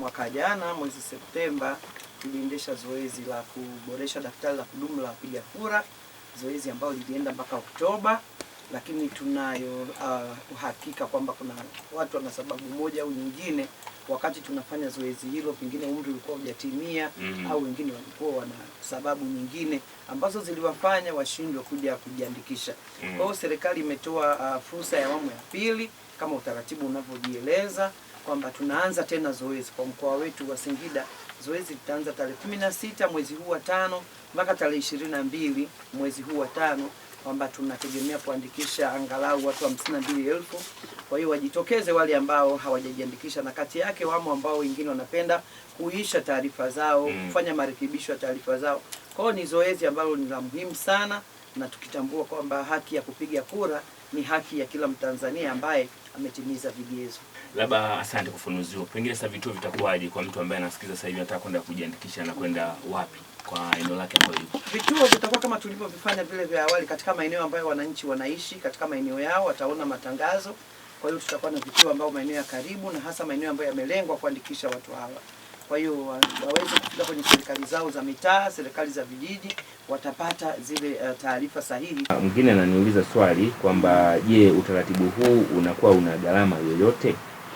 Mwaka jana mwezi Septemba tuliendesha zoezi la kuboresha daftari la kudumu la wapiga kura, zoezi ambalo lilienda mpaka Oktoba, lakini tunayo uh, uhakika kwamba kuna watu wana sababu moja au nyingine, wakati tunafanya zoezi hilo, pengine umri ulikuwa hujatimia mm -hmm. au wengine walikuwa wana sababu nyingine ambazo ziliwafanya washindwe kuja kujiandikisha mm -hmm. Kwa serikali imetoa uh, fursa ya awamu ya pili kama utaratibu unavyojieleza kwamba tunaanza tena zoezi kwa mkoa wetu wa Singida. Zoezi litaanza tarehe kumi na sita mwezi huu wa tano mpaka tarehe ishirini na mbili mwezi huu wa tano kwamba tunategemea kuandikisha angalau watu hamsini na mbili elfu. Kwa hiyo wajitokeze wale ambao hawajajiandikisha, na kati yake wamo ambao wengine wanapenda kuisha taarifa zao, mm. kufanya marekebisho ya taarifa zao. Kwa hiyo ni zoezi ambalo ni la muhimu sana na tukitambua kwamba haki ya kupiga kura ni haki ya kila Mtanzania ambaye ametimiza vigezo. Labda asante kufunuziwa, pengine sasa vituo vitakuwaje kwa mtu ambaye anasikiza sasa hivi anataka kwenda kujiandikisha na kwenda wapi kwa eneo lake ambayo yuko? Vituo vitakuwa kama tulivyovifanya vile vya awali, katika maeneo ambayo wananchi wanaishi, katika maeneo yao wataona matangazo. Kwa hiyo tutakuwa na vituo ambao maeneo ya karibu na hasa maeneo ambayo yamelengwa kuandikisha watu hawa. Kwa hiyo waweze kufika kwenye serikali zao za mitaa, serikali za vijiji, watapata zile uh, taarifa sahihi. Ah, mwingine ananiuliza swali kwamba je, utaratibu huu unakuwa una gharama yoyote?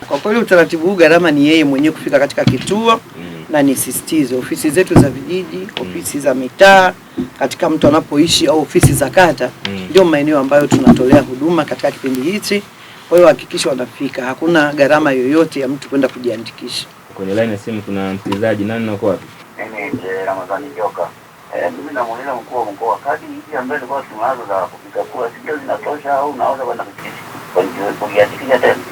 Kwa kweli utaratibu huu gharama ni yeye mwenyewe kufika katika kituo mm. na nisisitize ofisi zetu za vijiji, mm. ofisi za mitaa katika mtu anapoishi au ofisi za kata mm. ndio mm. maeneo ambayo tunatolea huduma katika kipindi hichi. Kwa hiyo hakikisha wanafika, hakuna gharama yoyote ya mtu kwenda kujiandikisha. Kwenye line ya simu kuna msikilizaji, nani nako wapi? Mimi Ramadhani Joka. E, mimi mkuu wa mkoa, kadi hizi ambazo tulikuwa tunazo za kupiga kura, zinatosha au naweza kwenda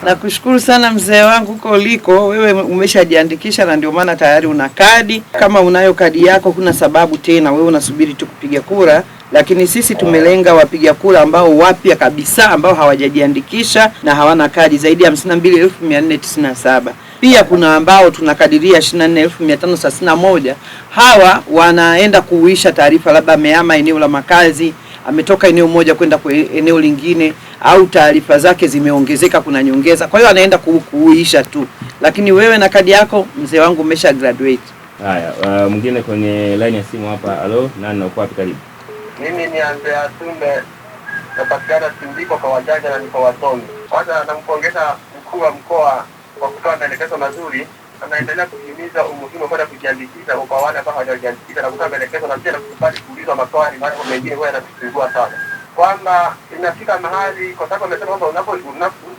Nakushukuru sana mzee wangu, huko uliko wewe umeshajiandikisha na ndio maana tayari una kadi. Kama unayo kadi yako, kuna sababu tena wewe unasubiri tu kupiga kura lakini sisi tumelenga wapiga kura ambao wapya kabisa ambao hawajajiandikisha na hawana kadi zaidi ya 52,497. Pia kuna ambao tunakadiria 24531 hawa wanaenda kuuisha taarifa, labda ameama eneo la makazi, ametoka eneo moja kwenda kwa eneo lingine, au taarifa zake zimeongezeka, kuna nyongeza. Kwa hiyo anaenda kuuisha tu, lakini wewe na kadi yako, mzee wangu, umesha graduate. Haya, uh, mwingine kwenye line ya simu hapa. Alo, nani na uko wapi? Karibu. Mimi ni Andrea Tumbe, napatikana Tundiko kwa wajaja na niko Watoni Kwanza namkongeza mkuu wa mkoa kwa kutoa maelekezo mazuri anaendelea kuhimiza umuhimu wa kwenda kujiandikisha kwa wale ambao hawajajiandikisha na kutoa maelekezo na pia kukubali kuulizwa maswali, maana kwa mengine huwa yanatusumbua sana, kwamba inafika mahali, kwa sababu amesema kwamba unapo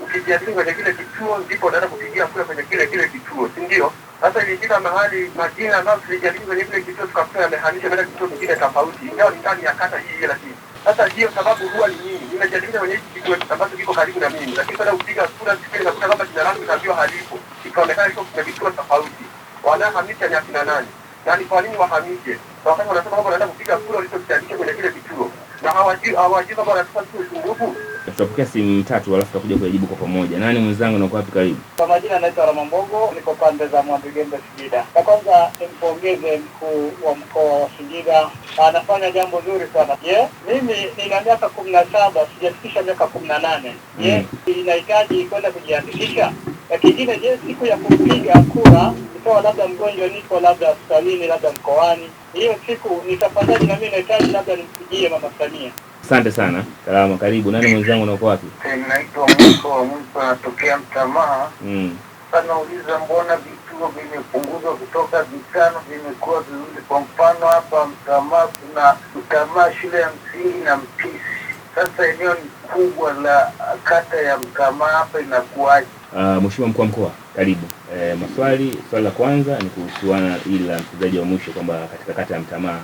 ukijiandikisha kwenye kile kituo ndipo unaenda kupigia kura kwenye kile kile kituo, si ndio? Sasa ilifika mahali majina ambayo tulijiandikisha kwenye kile kituo tukakuta yamehamisha kwenda kituo kingine tofauti, ingawa ni ndani ya kata hii lakini sasa ndio sababu huwa ni nini? Nimejadiliana kwenye hiki kituo ambacho kiko karibu na mimi, lakini baada kupiga kura sikile nakuta kama jina langu kaambiwa halipo, ikaonekana iko kuna vituo tofauti. wanahamisha ni akina nani? Na ni kwa nini wahamishe? Wakati wanasema kwamba wanaenda kupiga kura walichokitandika kwenye kile kituo, na hawajui hawajui kwamba wanatupa sisi nguvu tutapokea simu tatu alafu tutakuja kujibu kwa pamoja. Nani mwenzangu na uko wapi? Karibu. Kwa majina naitwa Ramambogo, niko pande za Mwandigembe, Singida. Kwa kwanza nimpongeze mkuu wa mkoa wa Singida, anafanya jambo zuri sana. Je, mimi nina miaka kumi na saba sijafikisha miaka kumi na nane. Je, mm. inahitaji kwenda kujiandikisha? lakini je, siku ya kupiga kura ikawa labda mgonjwa niko labda hospitalini labda mkoani, hiyo siku nitafanyaje? Na mimi nahitaji labda nimpigie mama Samia. Asante sana salama karibu. Nani mwenzangu, unakuwa wapi? Eh, naitwa Mwiko Mwiko, natokea Mtamaa. Mm, nauliza mbona vituo vimepunguzwa kutoka vitano vimekuwa vizuri? Kwa mfano hapa Mtamaa kuna Mtamaa shule ya msingi na Mpisi sasa eneo kubwa la kata ya Mkamaa hapa inakuwaje? Uh, Mheshimiwa mkuu wa mkoa karibu. E, maswali swali la kwanza ni kuhusiana ili la mchezaji wa mwisho kwamba katika kata ya Mtamaa.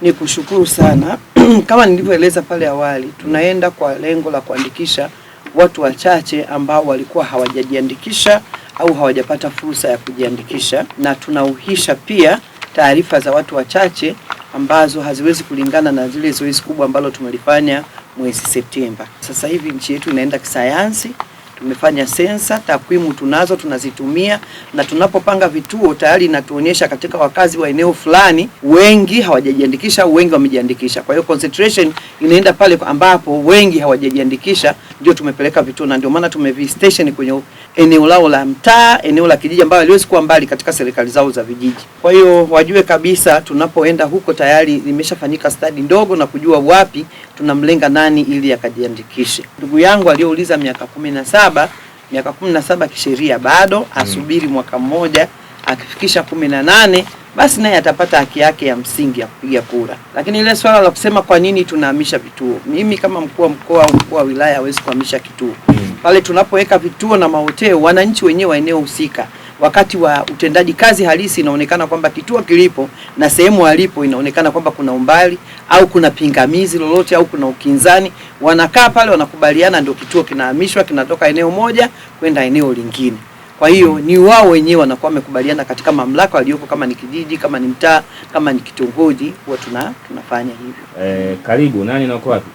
Ni kushukuru sana kama nilivyoeleza pale awali, tunaenda kwa lengo la kuandikisha watu wachache ambao walikuwa hawajajiandikisha au hawajapata fursa ya kujiandikisha, na tunauhisha pia taarifa za watu wachache ambazo haziwezi kulingana na zile zoezi kubwa ambalo tumelifanya mwezi Septemba. Sasa hivi nchi yetu inaenda kisayansi. Tumefanya sensa, takwimu tunazo, tunazitumia na tunapopanga vituo tayari inatuonyesha katika wakazi wa eneo fulani wengi hawajajiandikisha au wengi wamejiandikisha. Kwa hiyo concentration inaenda pale ambapo wengi hawajajiandikisha, ndio tumepeleka vituo, na ndio maana tumevistation kwenye eneo lao la mtaa, eneo la kijiji, ambayo haliwezi kuwa mbali katika serikali zao za vijiji. Kwa hiyo wajue kabisa tunapoenda huko tayari limeshafanyika study ndogo na kujua wapi tunamlenga nani ili akajiandikishe. Ndugu yangu aliyouliza miaka kumi na saba saba miaka kumi na saba kisheria bado asubiri mm. mwaka mmoja akifikisha kumi na nane basi naye atapata haki yake ya msingi ya kupiga kura. Lakini ile swala la kusema kwa nini tunahamisha vituo, mimi kama mkuu wa mkoa au mkuu wa wilaya hawezi kuhamisha kituo mm. pale tunapoweka vituo na mahoteli, wananchi wenyewe wa eneo husika wakati wa utendaji kazi halisi inaonekana kwamba kituo kilipo na sehemu alipo inaonekana kwamba kuna umbali au kuna pingamizi lolote au kuna ukinzani, wanakaa pale, wanakubaliana, ndio kituo kinahamishwa, kinatoka eneo moja kwenda eneo lingine. Kwa hiyo ni wao wenyewe wanakuwa wamekubaliana katika mamlaka walioko, kama ni kijiji, kama ni mtaa, kama ni kitongoji, huwa tuna tunafanya hivyo. Eh, karibu nani na wapi?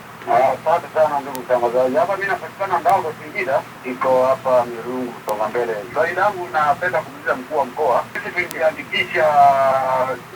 Asante sana ndugu mtangazaji, hapa mimi napatikana Ndago Singida, iko hapa Mirungu songa mbele. Swali langu napenda kumuuliza mkuu wa mkoa, sisi tulijiandikisha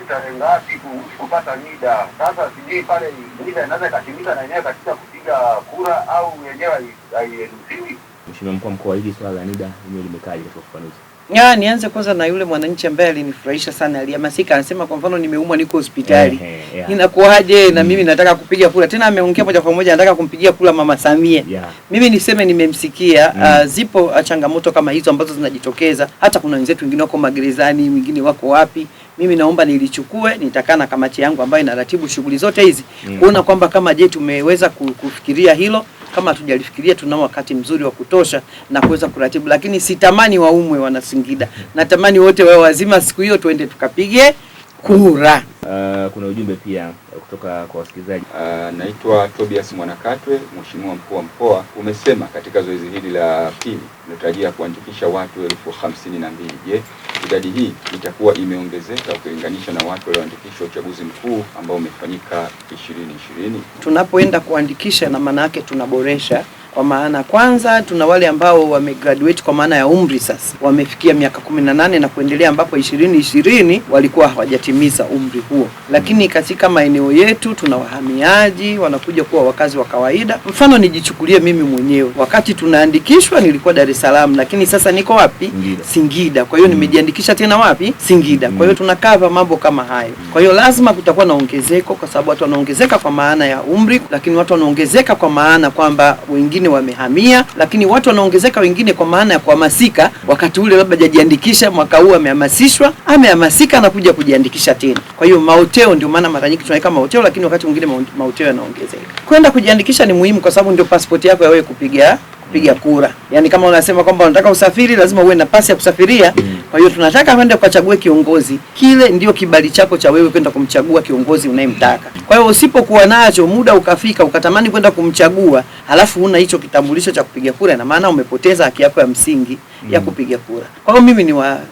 tarehe ngapi kupata NIDA? Sasa sijui pale NIDA inaweza ikatimika na yenyewe katika kupiga kura au yenyewe hairuhusiwi. Mheshimiwa mkuu wa mkoa, hili swala la NIDA yenyewe limekaaje katika ufafanuzi? Ya, nianze kwanza na yule mwananchi ambaye alinifurahisha sana, alihamasika, anasema kwa mfano nimeumwa, niko hospitali. yeah. Inakuaje na mm. mimi nataka kupiga kula. Tena ameongea moja kwa moja nataka kumpigia kula Mama Samia. Yeah. Mimi niseme nimemsikia. Mm. Uh, zipo ah, changamoto kama hizo ambazo zinajitokeza. Hata kuna wenzetu wengine wako magerezani, wengine wako wapi? Mimi naomba nilichukue, nitakaa na kamati yangu ambayo inaratibu shughuli zote hizi. Mm. Kuona kwamba kama je tumeweza kufikiria hilo kama hatujalifikiria, tunao wakati mzuri wa kutosha na kuweza kuratibu, lakini sitamani waumwe Wanasingida, natamani wote wao wazima siku hiyo tuende tukapige kura. Uh, kuna ujumbe pia kutoka kwa wasikilizaji. Uh, naitwa Tobias Mwanakatwe. Mheshimiwa mkuu wa mkoa umesema katika zoezi hili la pili unatarajia kuandikisha watu elfu hamsini na mbili. Je, idadi hii itakuwa imeongezeka ukilinganisha na watu walioandikishwa uchaguzi mkuu ambao umefanyika ishirini ishirini? Tunapoenda kuandikisha na maana yake tunaboresha kwa maana kwanza, tuna wale ambao wamegraduate kwa maana ya umri sasa wamefikia miaka 18 na kuendelea, ambapo ishirini ishirini walikuwa hawajatimiza umri huo, lakini katika maeneo maeneo yetu, tuna wahamiaji wanakuja kuwa wakazi wa kawaida. Mfano nijichukulie mimi mwenyewe, wakati tunaandikishwa nilikuwa Dar es Salaam, lakini sasa niko wapi? Singida, Singida. Kwa hiyo mm. nimejiandikisha tena wapi? Singida. Kwa hiyo mm. tunakava mambo kama hayo. Kwa hiyo lazima kutakuwa na ongezeko, kwa sababu watu wanaongezeka kwa maana ya umri, lakini watu wanaongezeka kwa maana kwamba wengine wamehamia, lakini watu wanaongezeka wengine kwa maana ya kuhamasika. Wakati ule labda hajajiandikisha, mwaka huu amehamasishwa, amehamasika na kuja kujiandikisha tena. Kwa hiyo maoteo, ndio maana mara nyingi tunaweka mpaka mahoteo, lakini wakati mwingine mahoteo yanaongezeka. Kwenda kujiandikisha ni muhimu kwa sababu ndio pasipoti yako ya wewe kupiga kupiga kura. Yaani kama unasema kwamba unataka usafiri lazima uwe na pasi ya kusafiria. Mm. Kwa hiyo tunataka kwenda kuchagua kiongozi. Kile ndio kibali chako cha wewe kwenda kumchagua kiongozi unayemtaka. Kwa hiyo usipokuwa nacho, muda ukafika ukatamani kwenda kumchagua, halafu una hicho kitambulisho cha kupiga kura, na maana umepoteza haki yako ya msingi ya mm. kupiga kura. Kwa hiyo mimi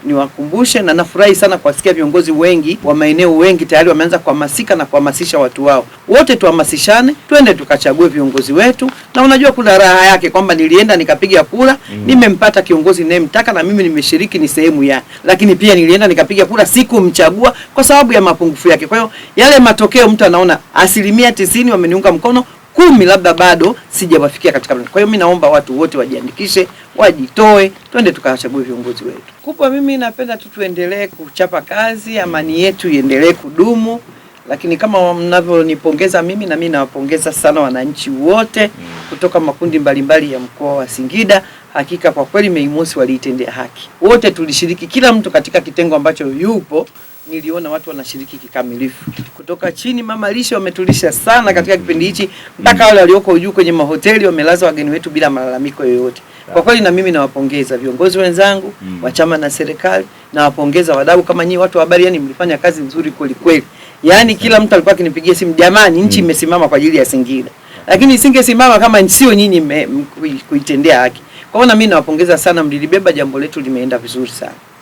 niwakumbushe ni na nafurahi sana kuwasikia viongozi wengi wa maeneo wengi tayari wameanza kuhamasika na kuhamasisha watu wao. Wote tuhamasishane, twende tukachague viongozi wetu, na unajua kuna raha yake kwamba nilienda nikapiga kura mm. nimempata kiongozi ninayemtaka na mimi nimeshiriki, ni sehemu ya, lakini pia nilienda nikapiga kura, sikumchagua kwa sababu ya mapungufu yake. Kwa hiyo yale matokeo mtu anaona asilimia tisini wameniunga mkono kumi labda bado sijawafikia katika. Kwa hiyo mimi naomba watu wote wajiandikishe, wajitoe, twende tukawachague viongozi wetu. Kubwa mimi napenda tu tuendelee kuchapa kazi, amani yetu iendelee kudumu, lakini kama mnavyonipongeza mimi, na mimi nawapongeza sana wananchi wote kutoka makundi mbalimbali ya mkoa wa Singida. Hakika kwa kweli Mei Mosi waliitendea haki, wote tulishiriki, kila mtu katika kitengo ambacho yupo niliona watu wanashiriki kikamilifu kutoka chini. Mama lishe wametulisha sana katika kipindi hichi, mpaka wale walioko juu kwenye mahoteli wamelaza wageni wetu bila malalamiko yoyote. Kwa kweli, na mimi nawapongeza viongozi wenzangu mm. wa chama na serikali, nawapongeza wadau kama nyinyi watu wa habari, yani mlifanya kazi nzuri kweli kweli. Yani kila mtu alikuwa akinipigia simu, jamani, nchi mm. imesimama mm. kwa ajili ya Singida, lakini isingesimama kama sio nyinyi kuitendea haki. Kwa hiyo na mimi nawapongeza sana, mlilibeba jambo letu, limeenda vizuri sana.